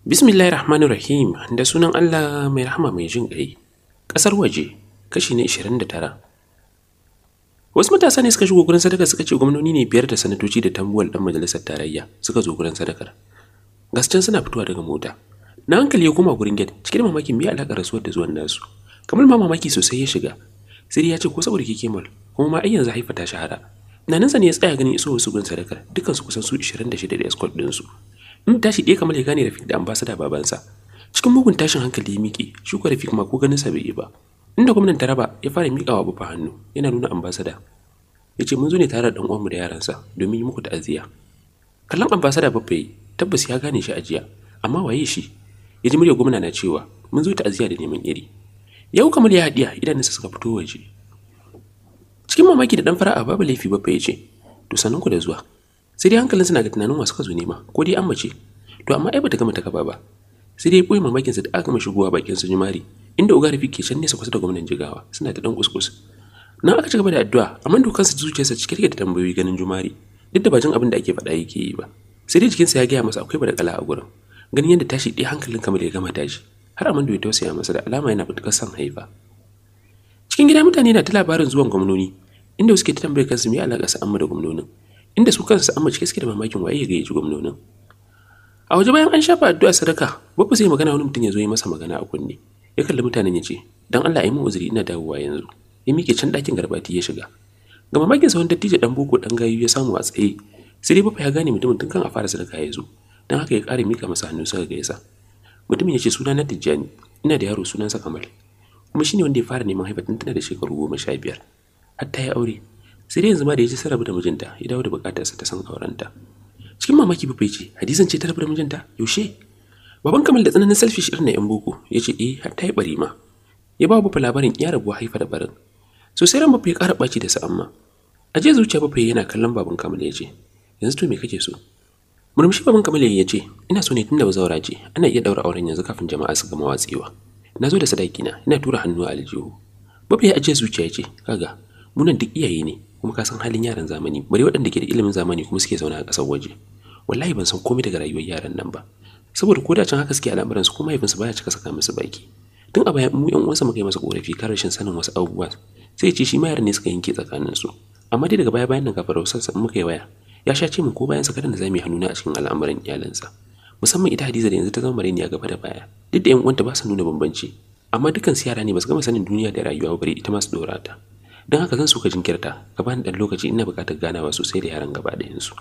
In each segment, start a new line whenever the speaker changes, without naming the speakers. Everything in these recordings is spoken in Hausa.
Bismillahir Rahmanir Rahim da sunan Allah mai rahama mai jin ƙai. Ƙasar waje kashi na 29. Wasu matasa ne suka shigo gurin sadaka suka ce gwamnoni ne biyar da sanatoci da tambuwal ɗan majalisar tarayya suka zo gurin sadakar. gasken suna fitowa daga mota. Na hankali ya koma gurin gate cikin mamakin me alaƙar rasuwar da zuwan nasu. Kamar ma mamaki sosai ya shiga. Sai ya ce ko saboda kike mal kuma ma ai yanzu haifa ta shahara nanansa ne ya tsaya ganin isowar su gun sadakar dukkan su kusan su 26 da escort din su in tashi ɗaya kamar ya gane Rafik da ambassador babansa cikin mugun tashin hankali ya miƙe shi ko Rafik ma ko ganin sa bai yi ba inda gwamnan Taraba ya fara miƙa wa bufa hannu yana nuna ambassador ya ce mun zo ne tare da dan uwanmu da yaransa domin yi muku ta'aziyya kallon ambassador babba yi tabbas ya gane shi a jiya amma waye shi ya ji murya gwamna na cewa mun zo ta'aziyya da neman iri yau kamar ya haɗiya idanunsa suka fito waje cikin mamaki da dan fara'a babu laifi ba ya ce to sanin ku da zuwa sai dai hankalin suna ga tunanin wasu kazo nema ko dai an mace to amma ai bata gama ta kaba ba sai dai koyi mamakin sa da aka gama shigowa bakin su jimari inda uga fi ke can nesa kusa da gwamnan jigawa suna ta dan kuskus nan aka ci gaba da addu'a amma dukan su sa cike da tambayoyi ganin jumari duk da ba abin da ake faɗa yake yi ba sai dai jikinsa ya gaya masa akwai bada kala a gurin ganin yadda tashi ɗaya hankalin kamar ya gama tashi har amanda ya tausaya masa da alama yana fitukar son haifa cikin gida mutane na ta labarin zuwan gwamnoni inda suke ta tambayar kansu me alaƙa su amma da gwamnonin inda su kansu amma cike suke da mamakin waye ya gayyaci gwamnonin a waje bayan an shafa addu'a sadaka babu sai magana wani mutum ya zo yi masa magana a kunne ya kalli mutanen ya ce dan Allah ai mu uzuri ina dawowa yanzu ya miƙe can ɗakin garbati ya shiga ga mamakin sa wanda dattijo dan boko dan gayu ya samu a tsaye sai dai bafa ya gane mutumin tun kan a fara sadaka ya zo dan haka ya ƙara mika masa hannu suka gaisa mutumin ya ce suna na Tijjani ina da yaro sunansa Kamal kuma shine wanda ya fara neman haifa tun tana da shekaru goma sha biyar har ta yi aure sai dai yanzu ma da ya ci sarrafa da mijinta ya dawo da bukatarsa ta san aurenta cikin mamaki bafa ce hadisan ce ta rabu da mijinta yaushe baban kamal da tsananin selfish irin na yan boko ya ce eh har ta yi bari ma ya ba bafa labarin ya rabuwa haifa da barin so ran bafa ya ƙara ɓaci da sa'amma a je zuciya bafa yana kallon baban kamal ya ce yanzu to me kake so murmushi baban kamal ya ce ina so ne da bazawara ce ana iya daura auren yanzu kafin jama'a su gama watsewa na zo da sadaki na ina tura hannu a aljihu bafa ya ajiye zuciya ya ce kaga munan duk iyaye ne kuma ka san halin yaran zamani bari waɗanda ke da ilimin zamani kuma suke zaune a ƙasar waje wallahi ban san komai daga rayuwar yaran nan ba saboda ko da can haka suke al'amuran su kuma mahaifinsu baya cika saka musu baki tun a baya mu yan uwansa muka yi masa korafi kan rashin sanin wasu abubuwa sai ce shi ma yaran ne suka yanke tsakanin su amma dai daga baya bayan nan kafin rausar muka yi waya ya sha ce mu ko bayan sa kadan da zamu yi hannuna a cikin al'amuran iyalansa musamman ita Hadiza da yanzu ta zama mareniya gaba da baya duk da yan uwanta ba su nuna bambanci amma dukkan su yara ne ba su gama sanin duniya da rayuwa bare ita ma su dora ta don haka zan suka jinkirta ka bani dan lokaci ina buƙatar ganawa sosai da yaran gaba ɗayan su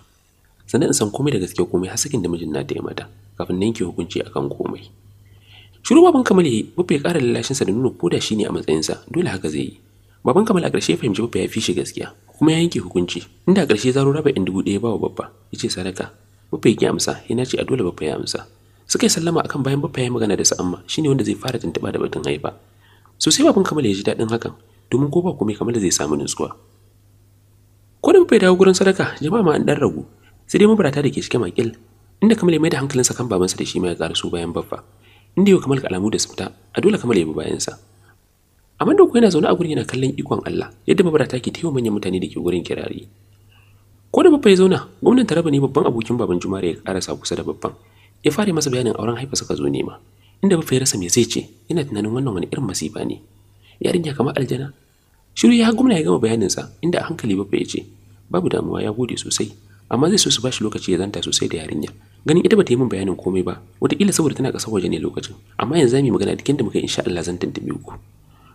sannan in san komai da gaske komai har sakin da mijin na ya mata kafin na yanke hukunci akan komai shiru baban kamal yi, babba ya ƙara lalashinsa da nuna koda shi ne a matsayinsa dole haka zai yi baban kamal a ƙarshe fahimci babba ya fi shi gaskiya kuma ya yanke hukunci inda a ƙarshe zaro raba in dubu ɗaya ba wa babba ya ce sadaka babba ya ki amsa yana eh, ce a dole babba ya amsa suka yi sallama akan bayan babba ya magana da amma shine wanda zai fara tuntuɓa da batun haifa sosai baban kamal ya ji daɗin hakan domin ko ba komai kamar da zai samu nutsuwa da bai dawo gurin sadaka jama'a ma an dan ragu sai dai mabarata da ke cike makil inda kamal ya mai da hankalinsa kan babansa da shi mai ƙara karaso bayan baffa inda yau kamal alamu da su fita a dole kamal ya bi bayansa amma da yana zaune a gurin yana kallon ikon Allah yadda mabarata ke taiwa manyan mutane da ke gurin kirari ko da babba ya zauna gwamnan taraba ne babban abokin baban jumare ya karasa kusa da babban ya fara masa bayanin auren haifa suka zo nema inda babba ya rasa me zai ce yana tunanin wannan wani irin masifa ne yarinya kamar aljana shiru ya gwamna ya gama bayaninsa inda a hankali babba ya ce babu damuwa ya gode sosai amma zai so su bashi lokaci ya zanta sosai da yarinya ganin ita ta yi min bayanin komai ba wataƙila saboda tana ƙasar waje ne lokacin amma yanzu zamu yi magana dukin da muka insha Allah zan tantabe ku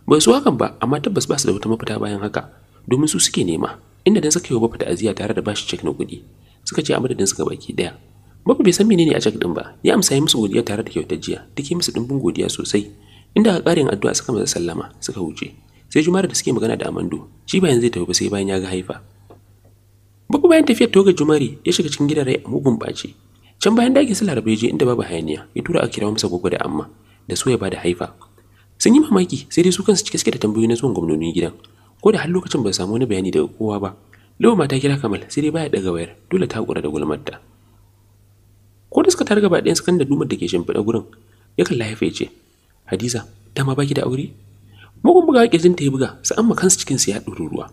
bai so hakan ba amma tabbas ba su da wata mafita bayan haka domin su suke nema inda dan suka yi wa bafa aziya tare da bashi cek na kuɗi suka ce a madadin suka baki daya bafa bai san menene a cek din ba ya amsa yi musu godiya tare da kyautar jiya duk yi musu dimbin godiya sosai inda a ƙarin addu'a suka masa sallama suka wuce sai Juma'a da suke magana da Amando shi bayan zai tafi ba sai bayan ya ga Haifa Bugu bayan tafiyar toga Jumari ya shiga cikin gidan rai a mugun baci can bayan dakin su da je inda babu hayaniya ya tura a kira masa gogo da amma da su ya da Haifa sun yi mamaki sai dai su kansu cike suke da tambayoyi na zuwan gwamnonin gidan ko da har lokacin ba samu wani bayani daga kowa ba Lawa mata kira Kamal sai dai baya daga wayar dole ta kura da gulmarta. Ko da suka targa ba ɗayan sukan da dumar da ke shimfiɗa gurin ya kalla haifa ya ce Hadiza ma baki da aure mugun buga kirjin ta yi buga su amma kansu cikin su ya ɗoro ruwa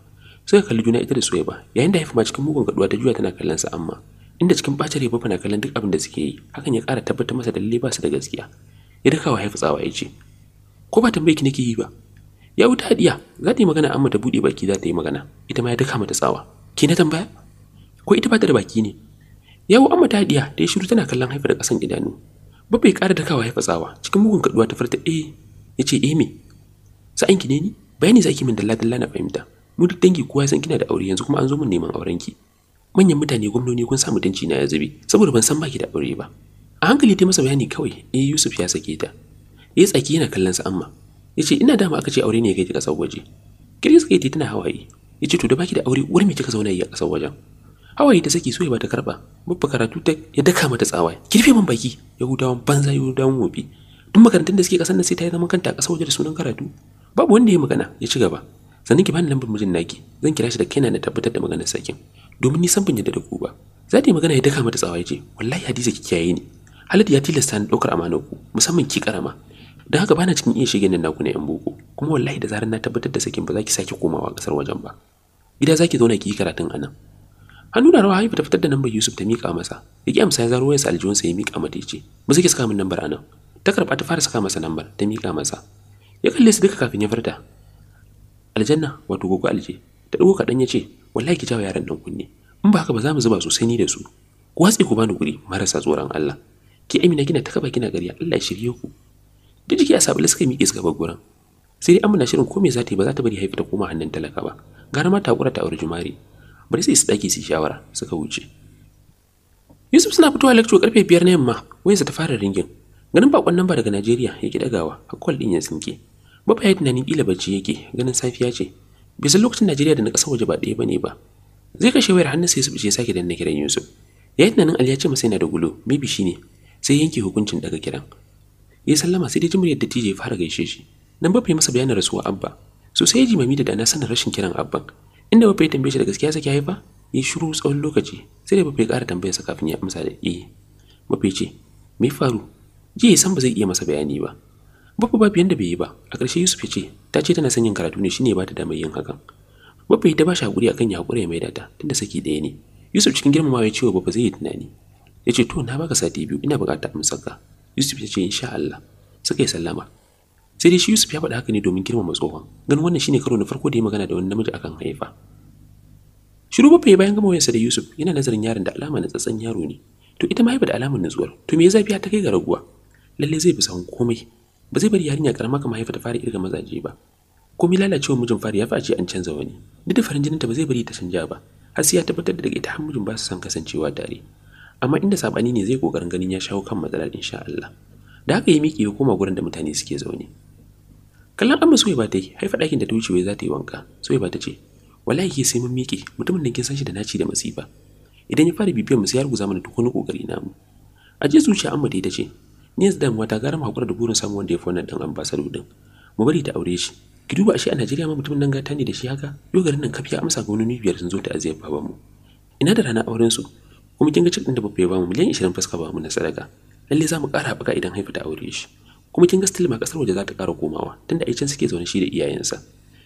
ka kalli juna ita da ba yayin da haifa cikin mugun gaduwa ta juya tana kallon sa amma inda cikin bacin rai na kallon duk abin da suke yi hakan ya ƙara tabbatar masa dalilai ba su da gaskiya ya duka wa haifu tsawa ya ce ko ba tambaye ki nake yi ba ya wuta hadiya za ta yi magana amma ta buɗe baki za ta yi magana ita ma ya duka mata tsawa ki na tambaya ko ita ba ta da baki ne yawo amma ta hadiya da ya shiru tana kallon haifa da ƙasan idanu babba ya ƙara dakawa haifa tsawa cikin mugun gaduwa ta farta eh ya ce eh sa'in ki ne ni bayani zaki min dalla dalla na fahimta mu duk dangi kowa san kina da aure yanzu kuma an zo mun neman auren ki manyan mutane gwamnoni kun sa mutunci na ya zube saboda ban san baki da aure ba a hankali ta masa bayani kawai eh Yusuf ya sake ta yayi tsaki yana kallon sa amma yace ina da ma aka ce aure ne kai ki kasar waje Kiris kai tana hawaye yace to da baki da aure uwar me kika zauna yi a kasar wajen hawaye ta saki soyayya ba ta karba babba karatu ta ya daka mata tsawa kirfe man baki yahudawan banza yahudawan wofi duk makarantun da suke kasan nan sai ta yi zaman kanta a kasar waje da sunan karatu babu wanda ya magana ya ci gaba sannan ki bani lambar mijin naki zan kira shi da kaina na tabbatar da maganar sakin domin ni san ban yadda da ku ba za ta yi magana ya daka mata tsawa ya ce wallahi hadiza ki kiyaye ni Haladu ya tilasta ni ɗaukar amanar ku musamman ki karama don haka bana cikin iya shige nan naku na yan boko kuma wallahi da zarar na tabbatar da sakin ba za ki sake komawa kasar wajen ba gida za ki zauna ki yi karatun anan hannu na rawa haifa ta fitar da lambar yusuf ta miƙa masa ya ki amsa ya zaro wayarsa aljihunsa ya miƙa mata ya ce mu sake saka min lambar anan ta karɓa ta fara saka masa lambar ta miƙa masa ya kalle su duka kafin ya farta aljanna wato gogo alje ta dago kaɗan ya ce wallahi ki jawo yaran ɗan kunne in ba haka ba za mu zuba sosai ni da su ku watse ku bani guri marasa tsoron Allah ki amina kina ta kaba kina gariya Allah ya shirye ku duk jiki a sabulu suka miƙe suka bar gurin sai dai amina shirin ko me za ta yi ba za ta bari haifi ta koma hannun talaka ba gara ma takura ta aure jumari bari sai su daki su shawara suka wuce Yusuf suna fitowa lecture karfe biyar na yamma za ta fara ringin ganin bakon nan daga Najeriya ya ki dagawa hakkol din ya tsinke Babba ya tunanin kila bacci yake ganin safiya ce. Bai san lokacin Najeriya da na ƙasar waje ba ɗaya bane ba. Zai kashe wayar hannun sai Yusuf ya sake na kiran Yusuf. Ya yi tunanin Ali ya ce masa yana da gulo, maybe shine. Sai yanke hukuncin daga kiran. Ya sallama sai dai jin yadda tije ya fara gaishe shi. Nan Babba ya masa bayanin rasuwa Abba. So sai ya ji mami da dana sanin rashin kiran Abban. Inda Babba ya tambaye shi da gaskiya sake haifa, ya shiru tsawon lokaci sai da Babba ya ƙara tambayarsa kafin ya amsa da eh. Babba ya ce, "Me faru?" Jiya ya san ba zai iya masa bayani ba. Baffa ba biyan da bai yi ba, a ƙarshe Yusuf ya ce, ta ce tana son yin karatu ne shine ba ta damar yin hakan. Baffa ta ba shi haƙuri akan ya haƙura ya maida ta, tunda saki ɗaya ne. Yusuf cikin girmama ya ce wa zai yi tunani. Ya ce, to na baka sati biyu, ina buƙatar amsarka. Yusuf ya ce, insha Allah. Suka yi sallama. Sai dai shi Yusuf ya faɗa haka ne domin girmama tsohon. Ganin wannan shine karo na farko da ya magana da wani namiji akan haifa. Shiru Baffa ya bayan gama wayarsa da Yusuf, yana nazarin yaron da alama na tsatsan yaro ne. To ita mahaifa da alamar nutsuwar, to me ya zafi ta kai ga raguwa? Lalle zai fi sahun komai ba zai bari yarinya karama kamar haifa ta fara irga mazaje ba mi lalacewa mijin fara ya face an canza wani duk da farin ta ba zai bari ta canja ba har sai ya tabbatar da daga ita har mijin ba su san kasancewa tare amma inda sabani ne zai kokarin ganin ya shawo kan matsalar insha Allah da haka ya miki ya koma gurin da mutane suke zaune kallon amma soyayya ba ta yi haifa ɗakin da ta wuce za ta yi wanka soyayya ba ta ce wallahi ke sai mun miki, mutumin da kin san shi da naci da masifa idan ya fara bibiyar mu sai ya ruguza mana kokari namu a zuciya amma ta ce Niyas dan wata gara mu da burin samu wanda ya fi wannan dan ambassador din. Mu bari ta aure shi. Ki duba ashe a Najeriya ma mutumin nan gata ne da shi haka. Yau garin nan kafiya amsa ga wani biyar sun zo ta aziyar babanmu. Ina da rana auren su. Kuma kin ga cikin da babba ya bamu miliyan 20 fuska bamu na sadaka. Lalle za mu ƙara haɓaka idan haifa ta aure shi. Kuma kin ga still ma kasar waje za ta ƙara komawa tunda aicin suke zaune shi da iyayensa.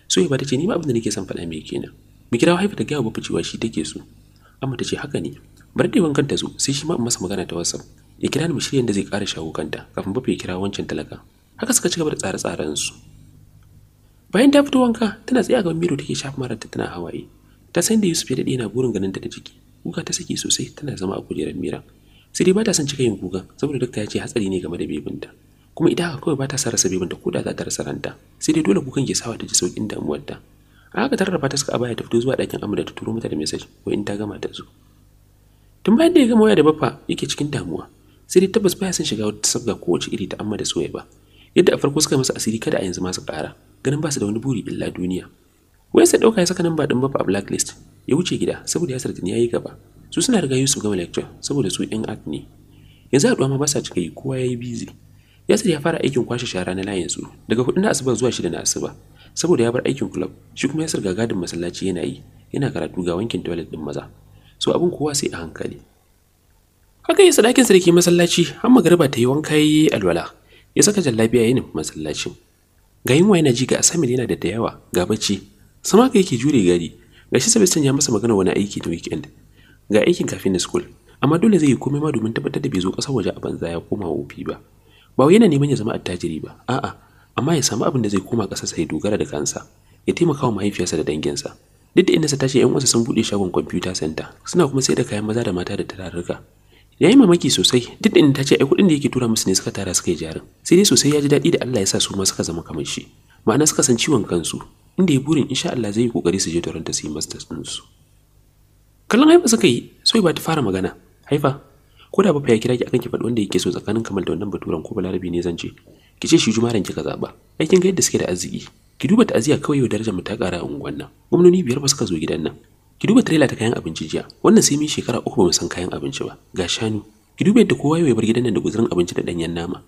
So ba ta ce ni ma abinda nake son faɗa mai kenan. Mu kira haifa ta gaya babba cewa shi take so. Amma ta ce haka ne. Bar da wankan su sai shi ma masa magana ta WhatsApp. ya kira ni mu shirya da zai kara shawo kanta kafin bafa kira wancan talaka haka suka cigaba da tsare-tsaren su bayan ta fito wanka tana tsaye a gaban miro take shafa mara tana hawaye ta san da Yusuf ya dade yana burin ganin ta da jiki kuka ta saki sosai tana zama a kujerar mira sai dai ba ta son cika yin kuka saboda dukka ya ce hatsari ne game da bebinta kuma ita haka kawai bata ta rasa bebinta ko da za ta rasa ranta sai dai dole kukan ke sawa ta ji saukin damuwarta a haka tarrafa ta suka abaya ta fito zuwa dakin amma ta turo mata da message ko in ta gama ta zo tun bayan da ya gama waya da baffa yake cikin damuwa sai dai tabbas baya son shiga wata sabga wace iri ta amma da soyayya ba yadda a farko suka masa asiri kada a yanzu ma su ganin ba su da wani buri illa duniya sai dauka ya saka ba din ba a blacklist ya wuce gida saboda ya sartini ya yayi gaba su suna riga Yusuf gama lecture saboda su in art ne yanzu duwa ma ba sa cika yi kowa yayi yi busy Yasir ya fara aikin kwashe shara na layin su daga hudu na asuba zuwa shida na asuba saboda ya bar aikin club shi kuma Yasir ga gadin masallaci yana yi yana karatu ga wankin toilet din maza so abun kowa sai a hankali haka ya sadakin sarki masallaci har magariba ta yi wanka ya yi alwala ya saka jallabiya yin masallacin ga yunwa yana ji ga asamir yana da da yawa ga bacci sama ka yake jure gari ga shi sabistan ya masa magana wani aiki na weekend ga aikin kafin na school amma dole zai yi komai ma domin tabbatar da bai zo ƙasar waje a banza ya koma wofi ba ba wai yana neman ya zama attajiri ba a'a amma ya samu abin da zai koma sa ya dogara da kansa ya taimaka wa mahaifiyarsa da danginsa duk da inda sa tashi yan uwansa sun buɗe shagon computer center suna kuma sai da kayan maza da mata da tararruka ya mamaki sosai duk da ta ce ai kudin da yake tura musu ne suka tara suka yi jarin sai dai sosai ya ji daɗi da Allah ya sa su ma suka zama kamar shi ma'ana suka san ciwon kansu inda ya burin insha Allah zai yi kokari su je Toronto su yi masters su kallon haifa suka yi sai ba ta fara magana haifa ko da bafa ya kira ki akan ki faɗi wanda yake so tsakanin kamal da wannan baturan ko balarabi ne zan ce ki ce shi jumaren kika zaba aikin ga yadda suke da arziki ki duba ta'aziyya kawai yau darajar mu ta ƙara a unguwan nan gwamnoni biyar ba suka zo gidan nan ki duba trailer ta kayan abinci jiya wannan sai mun shekara uku mu san kayan abinci ba ga shanu ki duba yadda kowa ya bar gidan nan da guzurin abinci da danyen nama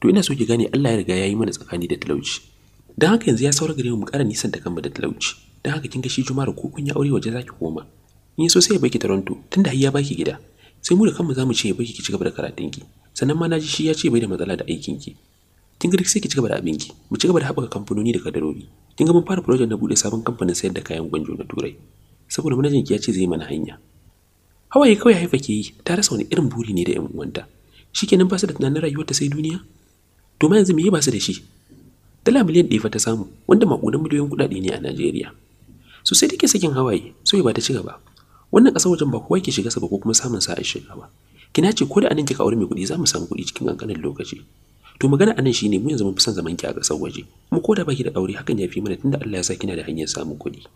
to ina so ki gane Allah ya riga ya yi mana tsakani da talauci dan haka yanzu ya saura gare mu ƙara nisan da kanmu da talauci dan haka kin ga shi Juma'a ko kun ya aure waje zaki koma in so sai ya baki Toronto tunda har ya baki gida sai mu da kanmu zamu ce ya baki ki cigaba da karatun ki sannan ma naji shi ya ce bai da matsala da aikin ki kin ga sai ki cigaba da abin mu cigaba da haɓaka kamfanoni da kadarori kin ga mun fara project na bude sabon kamfanin sayar da kayan gwanjo na turai saboda manajan ki ya ce zai mana hanya hawaye kawai haifa ke yi ta rasa wani irin buri ne da yan uwanta shikenan ba basu da tunanin rayuwarta sai duniya to ma yanzu me ba basu da shi dala miliyan ɗaya fa ta samu wanda maƙudan miliyoyin kuɗaɗe ne a Najeriya so sai take sakin hawaye so ba ta ci gaba wannan ƙasar wajen ba kowa ke shiga sa ba ko kuma samun sa'a shiga ba kina ce ko da anan kika aure mai kuɗi za mu samu kuɗi cikin ƙanƙanin lokaci to magana anan shine mu yanzu mun fi son zaman ki a ƙasar waje mu ko da baki da aure hakan ya fi mana tunda Allah ya sa kina da hanyar samun kuɗi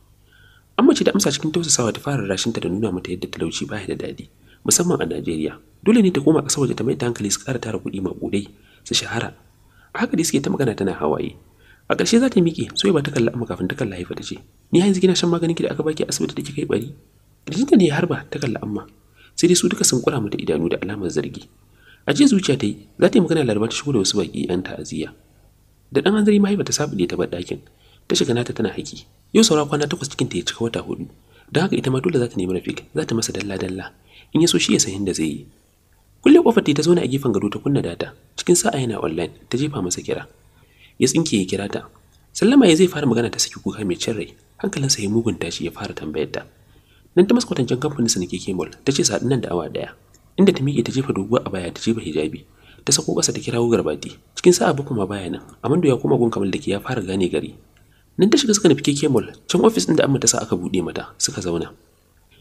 an mace ta amsa cikin tausasawa ta fara rashinta da nuna mata yadda talauci baya da daɗi, musamman a Najeriya. Dole ne ta koma ƙasar waje ta mai hankali su ƙara tara kuɗi maƙudai su shahara. A haka dai suke ta magana tana hawaye. A ƙarshe za ta miƙe, so ba ta kalla amma kafin ta kalla haifa ta ce, Ni yanzu kina shan maganin ki da aka baki asibiti da kika yi bari. ne ya harba ta kalla amma, sai dai su duka sun kura mata idanu da alamar zargi. A jiya zuciya ta yi, za ta yi magana laraba ta shigo da wasu baƙi 'yan ta'aziyya. Da ɗan hanzari mahaifa ta ta bar ɗakin, ta shiga nata tana haƙi. yau saura kwana takwas cikin ta ya cika wata hudu don haka ita ma dole za ta nemi rafik za ta masa dalla dalla in ya so shi ya san yadda zai yi kullum kofar ta zauna a gefen gado ta kunna data cikin sa'a yana online ta jefa masa kira ya tsinke ya kira ta sallama ya zai fara magana ta saki kuka mai cin rai hankalinsa ya mugun tashi ya fara tambayar ta nan ta maskwatancen kamfanin sanike kemol ta ce sa'adin nan da awa daya inda ta miƙe ta jefa doguwa a baya ta jefa hijabi ta sako ƙasa ta kirawo garbati cikin sa'a bakwai ma baya nan amando ya koma gun kamal da ke ya fara gane gari nan ta shiga suka nufi keke mall can ofis ɗin da amma ta sa aka buɗe mata suka zauna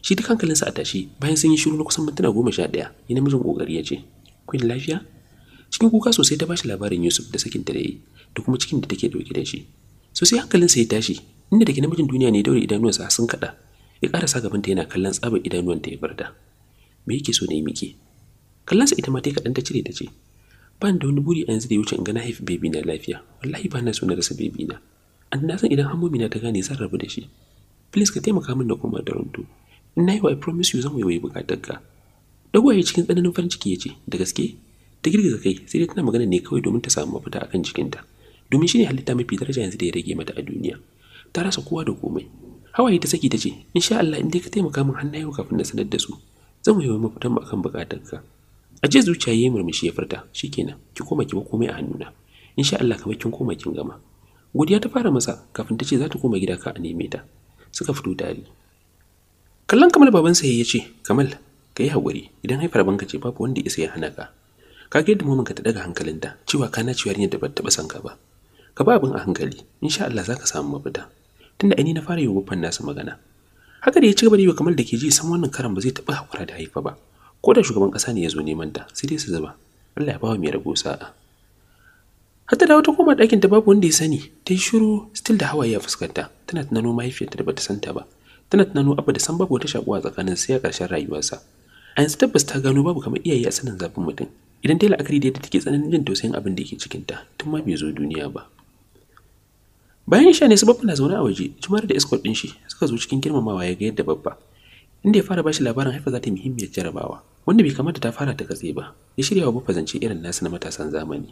shi duk hankalinsa a tashi bayan sun yi shiru na kusan mintuna goma sha ɗaya ya namijin ƙoƙari ya ce kwin lafiya cikin kuka sosai ta bashi labarin yusuf da sakinta da yi da kuma cikin da take ɗauke da shi sosai hankalinsa ya tashi inda da ke namijin duniya ne daure idanuwansa sun kaɗa ya ƙara sa gabanta yana kallon tsabar idanuwanta ya barta me yake so na yi miƙe kallonsa ita ma ta yi kaɗan ta cire ta ce ba da wani buri a yanzu da ya wuce in ga na haifi bebi na lafiya wallahi ba na so na rasa bebi na an na san idan na ta gane zan rabu da shi please ka taimaka min da koma Toronto in na yi wa I promise you zan waiwayi ka. dagwaye cikin tsananin farin ciki ya ce da gaske ta girgiza kai sai dai tana magana ne kawai domin ta samu mafita akan jikinta domin shine halitta mafi daraja yanzu da ya rage mata a duniya ta rasa kowa da komai hawaye ta saki ta ce insha Allah in dai ka taimaka min hannaye kafin na sanar da su zan waiwayi mafitan mu akan ka. a je zuciya yi murmushi ya furta shikenan ki koma ki ba komai a hannuna insha Allah kamar kin koma kin gama godiya ta fara masa kafin ta ce za ta koma gida ka a neme ta suka fito tare kallon kamal babansa ya ce kamal ka yi haƙuri idan haifar banka ce babu wanda isa ya hana ka ka ga yadda mamanka ta daga hankalinta cewa ka na ciwar yadda ba ta san ka ba ka ba abin a hankali insha Allah za ka samu mafita tunda aini na fara yi wa nasu magana haka da ya ci gaba da yi wa kamal da ke ji san wannan karan ba zai taɓa haƙura da haifa ba ko da shugaban ƙasa ne ya zo neman ta sai dai su zuba Allah ya bawa mai rabo sa'a har da dawo ta koma ɗakin ta babu wanda ya sani ta yi shiru still da hawaye a fuskanta tana tunano mahaifiyarta da bata santa ba tana tunano abu da san babu wata shakuwa tsakanin sai a ƙarshen rayuwarsa a yanzu tabbas ta gano babu kamar iyaye a sanin zafin mutum idan ta yi la'akari da yadda take tsananin jin tausayin abin da yake cikinta tun ma bai zo duniya ba bayan sha ne su babba na zaune a waje jimar da escort ɗin shi suka zo cikin girmamawa ya ga yadda babba inda ya fara bashi labarin haifa za ta muhimmiyar jarabawa wanda bai kamata ta fara ta katse ba ya shirya wa babba zance irin nasu na matasan zamani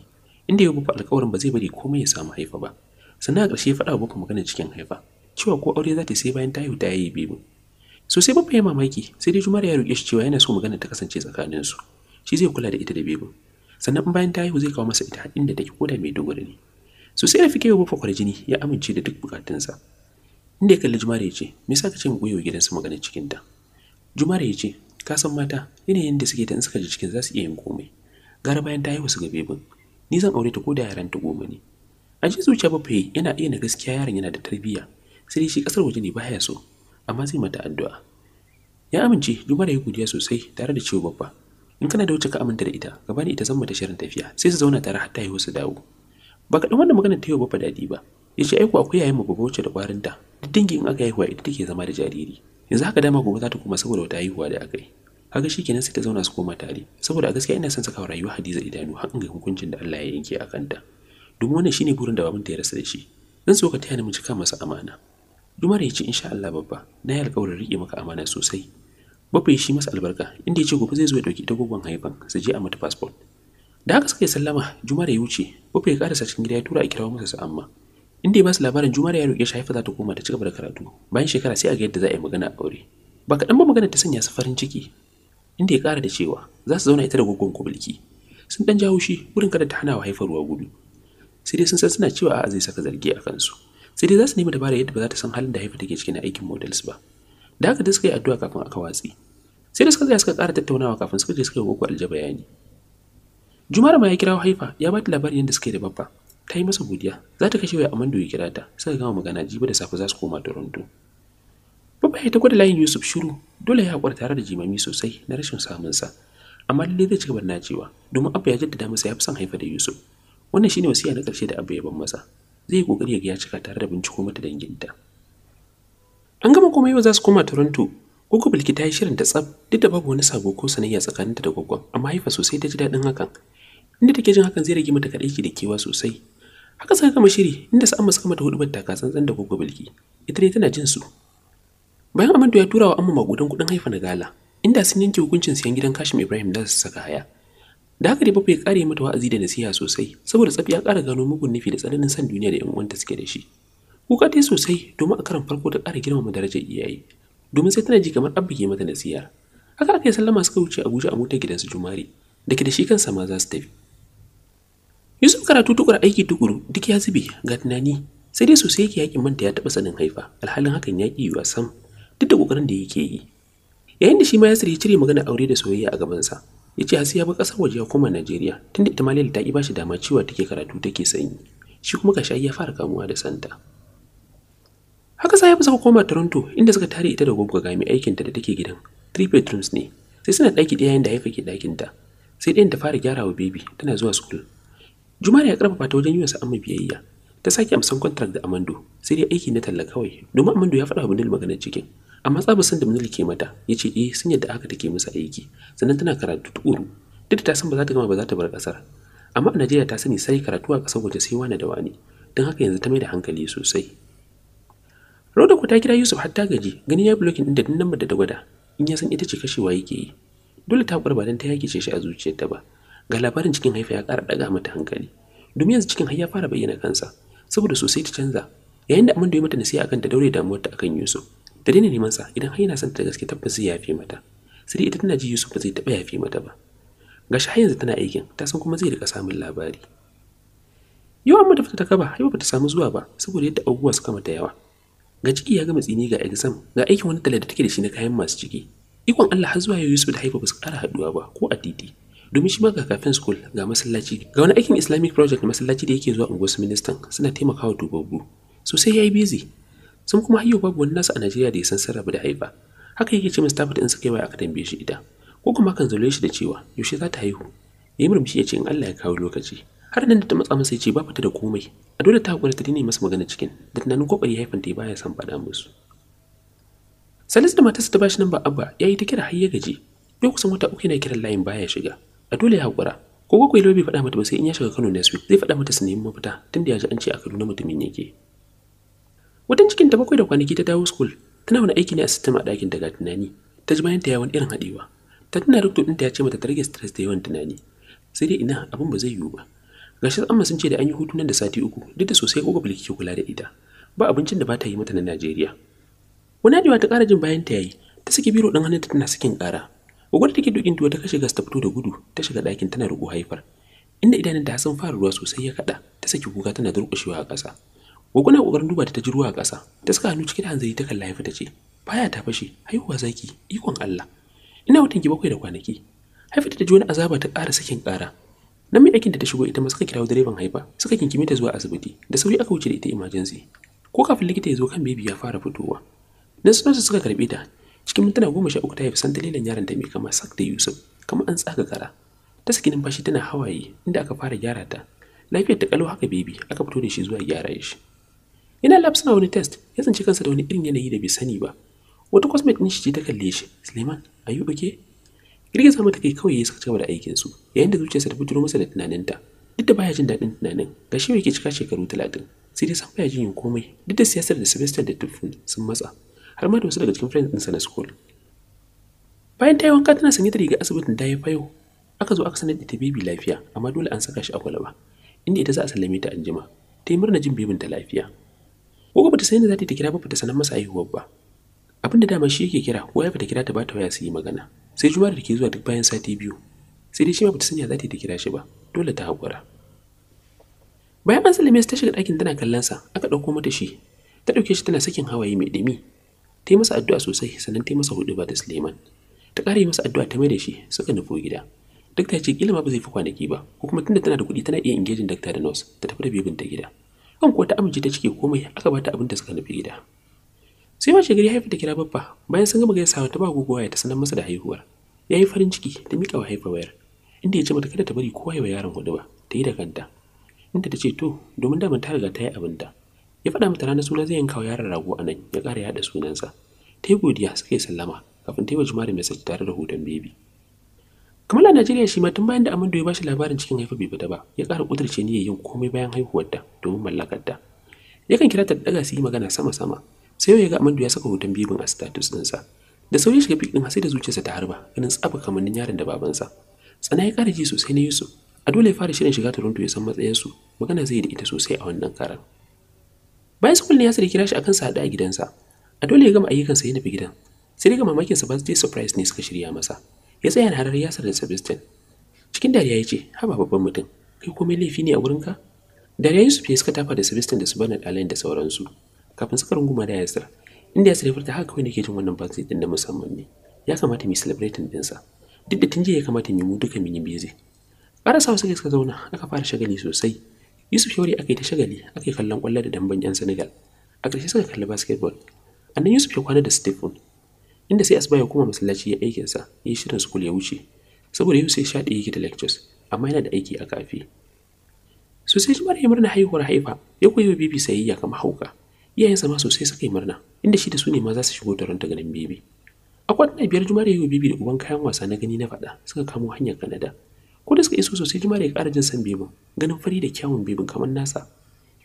inda ya bufa alƙawarin ba zai bari komai ya samu haifa ba sannan a ƙarshe ya faɗa wa maganar cikin haifa cewa ko aure za ta sai bayan ta haihu ta yi bebi so sai ya mamaki sai dai jumar ya roƙe shi cewa yana so magana ta kasance tsakanin su shi zai kula da ita da bebin sannan in bayan ta haihu zai kawo masa ita inda take koda mai dogara ne so sai da fike babba jini ya amince da duk bukatunsa inda ya kalli jumar ya ce me yasa ka ce mu goyo gidansu maganar cikin ta jumar ya ce ka san mata yanayin da suke ta in suka ji cikin za su iya yin komai gara bayan ta haihu su ga bebin ni zan aure ta ko da yaran ta goma ne a ji zuciya ba fayi yana iya na gaskiya yaron yana da tarbiyya sai dai shi kasar waje ne baya so amma zai mata addu'a ya amince Jumara ya godiya sosai tare da cewa babba in kana da wuce ka aminta da ita gaba ne ita zan mata shirin tafiya sai su zauna tare har ta yi wasu dawo baka kaɗan wannan magana ta yi wa babba daɗi ba ya ce aiko akwai yayin babba wacce da kwarinta. duk dangi in aka haihuwa ita take zama da jariri yanzu haka dama gobe za ta koma saboda wata haihuwa da aka yi kaga shi kenan sai ta zauna su koma tare saboda a gaskiya ina son saka rayuwa Hadiza idanu har in ga hukuncin da Allah ya yanke a kanta domin wannan shine burin da babanta ya rasa da shi dan so ka taya ni mu cika masa amana Dumar ya ce insha Allah babba na yi alƙawarin rike maka amana sosai babba ya shi masa albarka inda ya ce gobe zai zo ya dauki ita gogon haifan su je a mata passport da haka suka yi sallama Jumare ya wuce babba ya karasa cikin gida ya tura a kirawo masa su amma inda ya ba su labarin Jumare ya roƙe shi haifa za ta koma ta cigaba da karatu bayan shekara sai a ga yadda za a yi magana a aure ba kaɗan ba magana ta sanya su farin ciki inda ya ƙara da cewa za su zauna ita da gwaggon kubilki sun ɗan jawo shi wurin kada ta hana wa haifarwa gudu sai dai sun san suna cewa a'a zai saka zargi a kansu sai dai za su nemi dabara yadda ba za ta san halin da haifa take cikin aikin models ba da haka da suka yi addu'a kafin aka watsi sai da suka zai suka ƙara tattaunawa kafin suka je suka yi gwaggo alja bayani Jumara ma ya kirawo haifa ya ba ta labarin yadda suka yi da babba ta yi masa godiya za ta kashe wa amando ya kira ta suka gama magana jibi da safe za su koma toronto Babba ya ta gwada layin Yusuf shiru, dole ya haƙura tare da jimami sosai na rashin samunsa. Amma lalle zai cika gaba da domin Abba ya jaddada masa ya fi son haifa da Yusuf. Wannan shine wasiya na ƙarshe da Abba ya ban masa. Zai yi ƙoƙari ya ga cika tare da binciko mata danginta. An gama komai yau za su koma Toronto. Gogo Bilki ta yi shirin ta tsaf duk da babu wani sabo ko sanayya tsakaninta da gwaggon, amma haifa sosai ta ji daɗin hakan. Inda take jin hakan zai rage mata kaɗaici da kewa sosai. Haka suka gama shiri inda su amma suka mata hudu ka tsantsan da gogo Bilki. Ita ne tana jin su bayan amadu ya tura wa amma magudan kuɗin haifa na gala inda sun yanke hukuncin siyan gidan kashim ibrahim da su saka haya da haka dai bafa ya kare mata wa'azi da nasiha sosai saboda tsafi ya kara gano mugun nufi da tsananin san duniya da 'yan uwanta suke da shi kuka dai sosai domin a karan farko ta kara girmama darajar iyaye domin sai tana ji kamar abu ke mata nasiha haka aka yi sallama suka wuce abuja a motar gidansu jumari da ke da shi kansa ma za su tafi yusuf karatu tukura aiki tukuru duk ya zube ga tunani sai dai sosai yake yakin manta ya taɓa sanin haifa alhalin hakan ya ƙi yiwa sam duk da kokarin da yake yi yayin da shi ma Yasir ya cire magana aure da soyayya a gabansa ya ce ya ba ƙasar waje ya koma Najeriya tunda ita ma ta ki bashi dama cewa take karatu take sanyi shi kuma shayi ya fara kamuwa da santa haka sai ya saka koma Toronto inda suka tare ita da goggo ga mai aikin ta da take gidan three bedrooms ne sai suna ɗaki ɗaya yayin da haifa ke ɗakin ta sai ɗayan ta fara gyara wa baby tana zuwa school Jumare ya karfafa ta wajen yi wa amma biyayya ta sake amsan contract da Amando sai dai aiki na talla kawai domin Amando ya faɗa wa maganar cikin amma tsabar san da Manil ke mata ya ce eh sun yadda haka take musu aiki sannan tana karatu tukuru duk ta san ba za ta gama ba za ta bar kasar amma Najeriya ta sani sai karatu a kasar waje sai wani da wani don haka yanzu ta mai da hankali sosai Roda ku ta kira Yusuf har ta gaji gani ya blocking din da din da ta gwada in ya san ita ce kashewa yake yi dole ta kwarba dan ta yake ce shi a zuciyarta ba ga labarin cikin haifa ya kara daga mata hankali domin yanzu cikin haifa ya fara bayyana kansa saboda sosai ta canza yayin da da ya mata nasiha akan da daure ta akan Yusuf da daina neman sa idan har yana son ta gaske tabbas zai yafe mata sai ita tana ji Yusuf ba zai taba yafe mata ba gashi har yanzu tana aikin ta san kuma zai rika samun labari yawan mata fita ta kaba yau bata samu zuwa ba saboda yadda abubuwa suka mata yawa ga ciki ya gama tsini ga exam ga aikin wani talar da take da shi na kayan masu ciki ikon Allah har zuwa yau Yusuf da haifa ba su kara haduwa ba ko a titi domin shi ma ga kafin school ga masallaci ga wani aikin islamic project masallaci da yake zuwa unguwar ministan suna taimakawa dubabbu sosai sai yayi busy sun kuma hayo babu wani nasu a Najeriya da ya san sarrafa da haifa haka yake ce Mista din suka yi waya aka tambaye shi ita ko kuma kan zole shi da cewa yaushe za ta haihu ya yi murmushi ya ce in Allah ya kawo lokaci har nan da ta matsa masa ya ce ba fita da komai a dole ta hakura ta dine masa magana cikin da tunanin kokari haifanta ta baya san faɗa musu salisu da matarsa ta bashi namba abba ya yi ta kira har ya gaji yau kusan wata uku yana kiran layin baya shiga a dole ya hakura ko kwakwai bai faɗa mata ba sai in ya shiga Kano next week zai faɗa mata su nemi mafita tunda ya ji an ce a Kaduna mutumin yake wata cikin ta bakwai da kwanaki ta dawo school tana wani aiki ne a system a ɗakin daga tunani ta ji bayan ta yawan irin haɗewa ta tuna rukto ɗinta ya ce mata ta rage stress da yawan tunani sai dai ina abin ba zai yiwu ba gashi amma sun ce da an yi hutu nan da sati uku duk da sosai ko gabli ke kula da ita ba abincin da ba ta yi mata na Najeriya wani ajiwa ta ƙara jin bayan ta yayi ta saki biro ɗin hannunta tana sakin ƙara Gwagwar take dukin tuwa ta kashe gas ta fito da gudu ta shiga ɗakin tana riƙo haifar inda idanun da Hassan fara ruwa sosai ya kaɗa ta saki kuka tana durƙushewa a ƙasa. Gwaggo kokarin duba ta ta ji ruwa a ƙasa. Ta suka hannu cike da hanzari ta kalla haifa ta ce, "Baya ta fashe, haihuwa zaki, ikon Allah." Ina watan ki bakwai da kwanaki. Haifa ta ji wani azaba ta kara sakin kara Nan mai aikin da ta shigo ita ma suka kirawo direban haifa, suka kinkime ta zuwa asibiti, da sauri aka wuce da ita emergency. Ko kafin likita ya zo kan bebi ya fara fitowa. Nasu suka karɓe ta, cikin mintuna goma sha uku ta haifi san dalilin yaron ta mai kama sak da yusuf kamar an tsaga kara ta saki numfashi tana hawaye inda aka fara gyara ta lafiyar ta kalo haka bebi aka fito da shi zuwa gyara shi yana lab suna wani test ya tsinci kansa da wani irin yanayi da bai sani ba wata cosmet ɗin shi ce ta kalle shi suleiman are you okay girgiza mata kai kawai ya suka cigaba da aikin su yayin da zuciyarsa ta fituro masa da tunaninta duk da baya jin daɗin tunanin gashi yake cika shekaru talatin sai dai san baya jin yin komai duk da siyasar da Sylvester da Tiffin sun matsa har ma da wasu daga cikin friends ɗinsa na school bayan ta yi wanka tana sanye da riga asibitin ta yi fayo aka zo aka sanar da ta bibi lafiya amma dole an saka shi a kwalaba inda ita za a sallame ta anjima ta yi murna jin ta lafiya ba bata san yadda za ta kira ba ta sanar masa aihuwar ba. abinda da dama shi yake kira ko ya ta kira ta ba ta waya su yi magana. Sai Juma'a da ke zuwa duk bayan sati biyu. Sai dai shi ma bata ya za ta kira shi ba. Dole ta haƙura. Bayan an sallame ta shiga ɗakin tana kallon sa, aka ɗauko mata shi. Ta ɗauke shi tana sakin hawaye mai ɗumi. Ta yi masa addu'a sosai sannan ta yi masa hudu ba da Suleiman. Ta ƙara masa addu'a ta mai da shi suka nufo gida. duk ta ce kila ma ba zai fi kwanaki ba ko kuma tunda tana da kuɗi tana iya engaging dakta da nurse ta tafi da bibin ta gida kan kuwa ta amince ta cike komai aka bata abin da suka nufi gida sai ma shigari haifa ta kira babba bayan sun gama gaisawa ta ba gogowa ya ta sanar masa da haihuwar ya yi farin ciki ta mika wa haifa wayar inda ya ce mata kada ta bari kowa ya yaron hudu ba ta yi da kanta inda ta ce to domin daman ta riga ta yi abinta ya faɗa mata ranar suna zai yanka wa yaron rago a nan ya ƙara yaɗa sunansa ta yi godiya suka yi sallama kafin ta yi wa mai sace tare da hoton bebi kamar a najeriya shi ma tun bayan da amadu ya bashi labarin cikin haifa bai fita ba ya ƙara ƙudurce niyyar yin komai bayan haihuwar da domin mallakar ta yakan kira ta da su yi magana sama sama sai yau ya ga amadu ya saka hoton bibin a status ɗinsa da sauri shiga fik ɗin sai da zuciyarsa ta harba ganin tsaba kamannin yaron da babansa tsana ya ƙara ji sosai na yusuf a dole ya fara shirin shiga toronto ya san matsayinsu magana zai da ita sosai a wannan karan bayan sukul ne sa ya kira shi akan sa haɗu a gidansa a dole ya gama ayyukansa ya nufi gidan sai daga mamakinsa birthday surprise ne suka shirya masa ya tsaya harar yasar da sabistin cikin dariya ya ce haba babban mutum kai komai laifi ne a wurinka dariya yusuf ya suka tafa da sabistin da su bana ɗalain da sauransu kafin suka runguma da yasar inda yasir ya furta haka kawai nake jin wannan batsi din da musamman ne ya kamata mu yi din sa duk da tun jiya ya kamata mu duka mun yi Ƙara ƙarasawa suka suka zauna aka fara shagali sosai yusuf shawari aka yi ta shagali aka yi kallon kwallo da damben yan senegal a ƙarshe suka kalli basketball a nan yusuf ya kwana da stephen inda sai asuba ya koma masallaci ya aikin sa ya shirin school ya wuce saboda yau sai sha ɗaya yake da lectures amma yana da aiki a kafi so sai jimar ya murna haihuwar haifa ya koyi wa bibi sayayya kamar hauka iyayensa ma sosai suka yi murna inda shi da su ne ma za su shigo taron ta ganin bibi a kwanan biyar jimar ya yi wa bibi da uban kayan wasa na gani na faɗa suka kamo hanyar kanada ko da suka iso sosai jimar ya ƙara jin san bibin ganin fari da kyawun bibin kamar nasa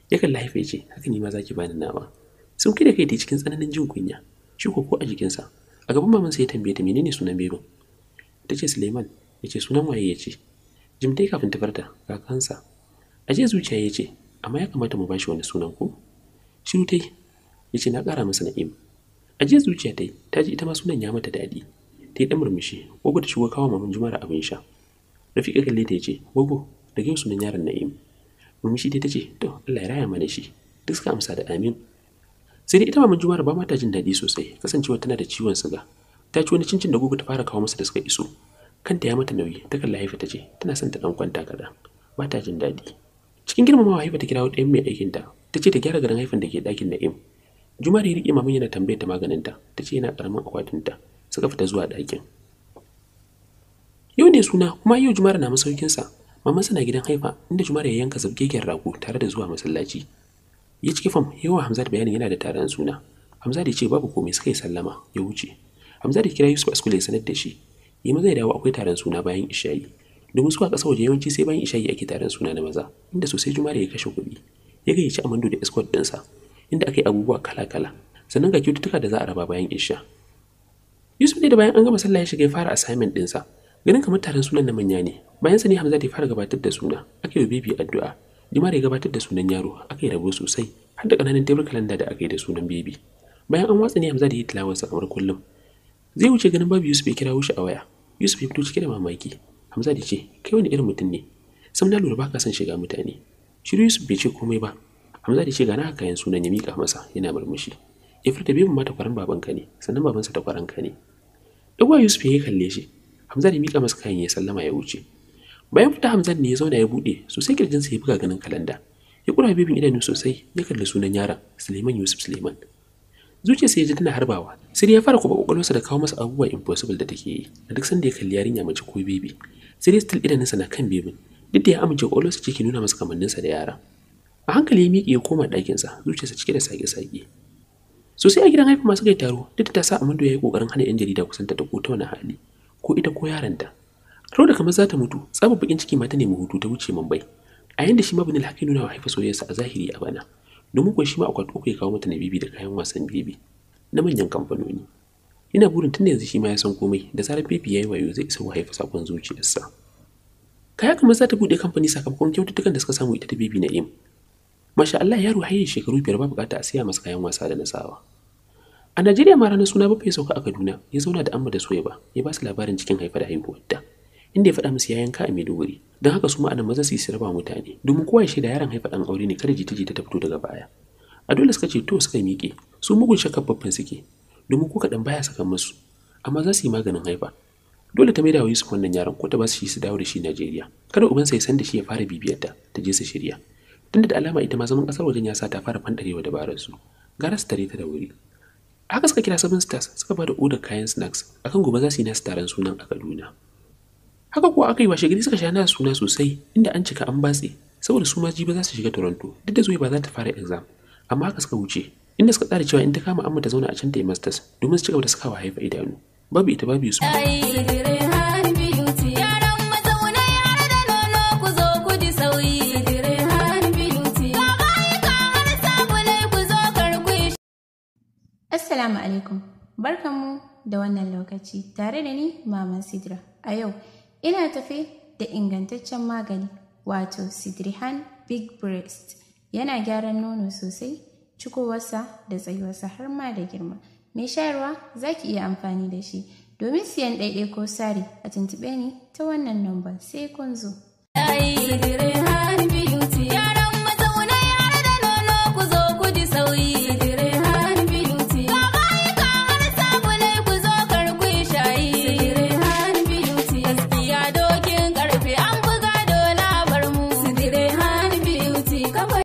ya kalla haifa ya ce haka ni ma za ki bani nama. sun kai da kai ta cikin tsananin jin kunya shi ko a jikinsa a gaban mamansa ya tambaye ta menene sunan bebin ta ce suleiman ya ce sunan waye ya ce Jim yi kafin ta farta kakansa a je zuciya ya ce amma ya kamata mu bashi wani sunan ko shiru yi, ya ce na kara masa na'im a je zuciya yi, ta ji ita ma sunan ya mata daɗi ta yi ɗan murmushi gogo ta shigo kawo maman jumara abin sha rafiƙa kalle ta ya ce gogo daga yau sunan yaron na'im murmushi dai ta ce to allah ya raya mana shi duk suka amsa da amin sai dai ita maman juwara ba ma ta jin daɗi sosai kasancewa tana da ciwon suga ta ci wani cincin da gugu ta fara kawo masa da suka iso kanta ya mata nauyi ta kalla haifa ta ce tana son ta dan kwanta kaɗan ba ta jin daɗi cikin girmamawa haifa ta kirawo ɗayan mai aikin ta ce ta gyara garin haifan da ke ɗakin na'im juma da ya riƙe mamin yana tambayar ta maganinta ta ce yana ƙaramin ta suka fita zuwa ɗakin yau ne suna kuma yau jumara na masaukinsa mamansa na gidan haifa inda jumara ya yanka zabgegen rago tare da zuwa masallaci ya ciki fam yawa Hamzat bayanin yana da taron suna Hamza ya ce babu komai suka yi sallama ya wuce Hamza ya kira Yusuf Askule ya sanar da shi ya maza ya dawo akwai taron suna bayan ishayi domin su kasa waje yawanci sai bayan ishayi ake taron suna na maza inda sosai Juma'a ya kashe kuɗi ya gayyaci Amando da escort ɗinsa inda aka yi abubuwa kala-kala sannan ga kyaututtuka da za a raba bayan Isha Yusuf ne da bayan an gama sallah ya shiga ya fara assignment ɗinsa ganin kamar taron sunan na manya ne bayan sa ne Hamza ya fara gabatar da suna aka yi baby addu'a Jima ya gabatar da sunan yaro aka yi rabo sosai har da kananan tebur kalanda da aka yi da sunan bebi. Bayan an watsa ne Hamza da ya tilawarsa kamar kullum. Zai wuce ganin babu Yusuf ya kirawo shi a waya. Yusuf ya fito cike da mamaki. Hamza da ce, "Kai wani irin mutum ne? Sam na lura ba ka son shiga mutane." Shiru Yusuf bai ce komai ba. Hamza da ce ga na haka sunan ya mika masa yana murmushi. Ya furta bibin mata kwaran babanka ne, sannan babansa ta ka ne. Dagwa Yusuf ya kalle shi. Hamza da mika masa kayan ya sallama ya wuce. bayan fita hamzan ne ya zauna ya bude, sosai kirjinsa ya buga ganin kalanda ya kura bibin idanu sosai ya kalli sunan yaron suleiman yusuf suleiman zuciyarsa ya ji tana harbawa sai ya fara kuma kwakwalwarsa da kawo masa abubuwa impossible da take yi a duk sanda ya kalli yarinya mace ko bibi sai dai idanunsa na kan bibin duk da ya amince kwakwalwarsa ce ke nuna masa kamanninsa da yaran a hankali ya miƙe ya koma ɗakinsa zuciyarsa cike da sake-sake sosai a gidan haifin masu kai taro duk da ta sa amando ya yi hana 'yan jarida kusanta da ko ta wani hali ko ita ko ta Rauda da kamar za ta mutu, tsabar bakin ciki mata ne hutu ta wuce Mumbai. A yayin da shi mabinin aka nuna wa haifa soyayyarsa a zahiri a bana. Domin kuwa shi ma akwai uku ya kawo mata na da kayan wasan bibi na manyan kamfanoni. Ina burin tun yanzu shi ma ya san komai da zarar bibi ya yi wayo zai isa wa haifa sakon zuciyarsa. Kaya kamar za ta buɗe kamfani sakamakon kyaututtukan da suka samu ita ta bibi na im. Masha Allah yaro haye shekaru biyar ba bukata a siya masa kayan wasa da nasawa. A Najeriya ma ranar suna ya sauka a Kaduna ya zauna da Amma da Soyaba ya ba su labarin cikin haifa da haihuwar inda ya faɗa musu ya yanka a Maiduguri don haka su ma maza su yi raba mutane domin kowa ya shaida yaran haifa ɗan aure ne kada jita jita ta fito daga baya a dole suka ce to suka miƙe su mugun shakar babban suke domin ko kaɗan baya saka musu amma za su yi maganin haifa dole ta maida wa Yusuf wannan yaron ko ta ba su shi su dawo da shi Najeriya kada ubansa ya san da shi ya fara bibiyar ta ta je su shirya tunda da alama ita ma zaman kasar wajen ya sa ta fara fandarewa dabarar su gara su tare ta da wuri haka suka kira sabon stars suka ba da odar kayan snacks akan gobe za su yi nasu taron sunan a Kaduna haka kuwa aka yi washe gari suka sha na suna sosai inda an cika an batse saboda su ma ba za su shiga Toronto duk da zuwa ba za ta fara exam amma haka suka wuce inda suka tsara cewa in ta kama amma ta zauna a can ta yi masters domin su ci gaba da sakawa haifa idanu babu ita babu su Assalamu alaikum, barkanmu da wannan lokaci tare da ni mama Sidra. A yau, Ina tafe da ingantaccen magani wato Sidrihan Big Breast. Yana gyaran nono sosai, cikowarsa da tsayuwarsa har ma da girma. Mai shayarwa za ki iya amfani da shi. Domin siyan ɗaiɗai ko sari a tuntuɓe ni ta wannan nomba sai kun zo.